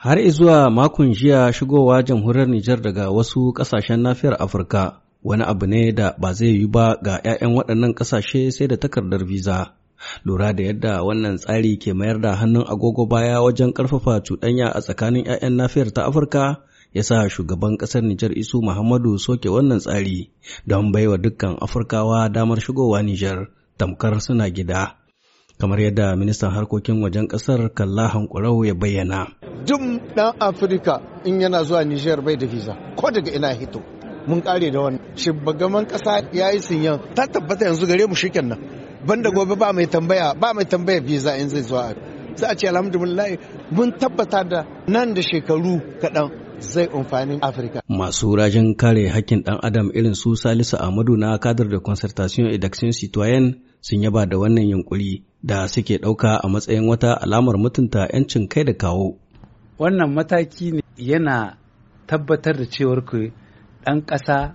Har zuwa makon jiya shigowa jamhuriyar Nijar daga wasu ƙasashen nafiyar Afirka wani abu ne da ba zai yi ba ga 'ya'yan waɗannan ƙasashe sai da takardar visa. Lura da yadda wannan tsari ke mayar da hannun agogo baya wajen ƙarfafa cuɗanya a tsakanin 'ya'yan nafiyar ta Afirka ya sa shugaban ƙasar Nijar Isu Muhammadu soke wannan tsari don baiwa dukkan Afirkawa damar shigowa Nijar tamkar suna gida. Kamar yadda ministan harkokin wajen ƙasar Kalla Hankurau ya bayyana. duk dan afirka in yana zuwa nijar bai da visa ko daga ina hito mun kare da wani. Shugaban kasa ya yi sinyan ta tabbata yanzu gare mu shiken nan ban da gobe ba mai tambaya ba mai tambaya visa in zai zuwa za a ce alhamdulillah mun tabbata da nan da shekaru kaɗan zai amfanin Afirka. Masu rajin kare hakkin ɗan adam irin su Salisu Ahmadu na kadar da Concertation et d'Action Citoyenne sun yaba da wannan yunkuri da suke ɗauka a matsayin wata alamar mutunta 'yancin kai da kawo wannan mataki ne yana tabbatar da cewar ku ɗan ƙasa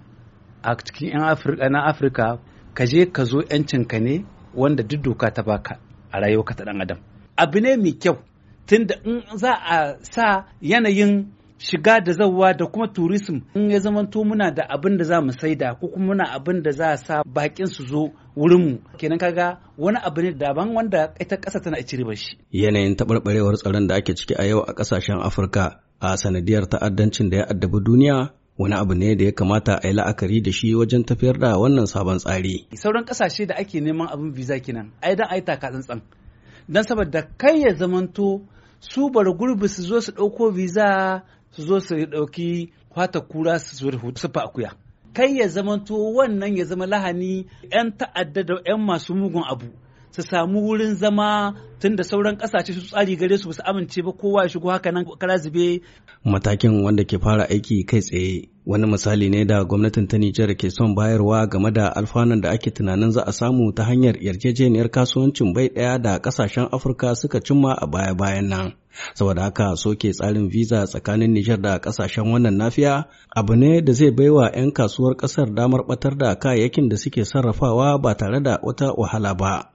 a cikin 'yan afirka na afirka ka je ka zo 'yancinka ne wanda duk doka ta baka a rayuwarka ta ɗan adam abu ne mai kyau tunda in za a sa yanayin shiga da zawa da kuma tourism in ya zamanto muna da abin da za mu saida ko kuma muna abin da za sa bakin su zo wurinmu kenan kaga wani abu ne daban wanda ita ƙasa tana ci riba shi yanayin taɓarɓarewar tsaron da ake ciki a yau a ƙasashen afirka a sanadiyar ta'addancin da ya addabi duniya wani abu ne da ya kamata a yi la'akari da shi wajen tafiyar da wannan sabon tsari sauran ƙasashe da ake neman abin visa kenan ai dan ai taka tsantsan dan saboda kai ya zamanto su bar gurbi su zo su ɗauko visa su zo su ɗauki kwata kura su sufa akuya kai ya zama zamanto wannan ya zama lahani 'yan ta'adda da 'yan masu mugun abu su samu wurin zama tun da sauran kasashe su tsari gare su su amince ba kowa ya shigo haka nan kara zube. Matakin wanda ke fara aiki kai tsaye wani misali ne da gwamnatin ta Nijar ke son bayarwa game da alfanun da ake tunanin za a samu ta hanyar yarjejeniyar kasuwancin bai ɗaya da kasashen Afirka suka cimma a baya-bayan nan. Saboda haka soke tsarin visa tsakanin Nijar da kasashen wannan nafiya abu ne da zai baiwa 'yan kasuwar ƙasar damar batar da kayayyakin da suke sarrafawa ba tare da wata wahala ba.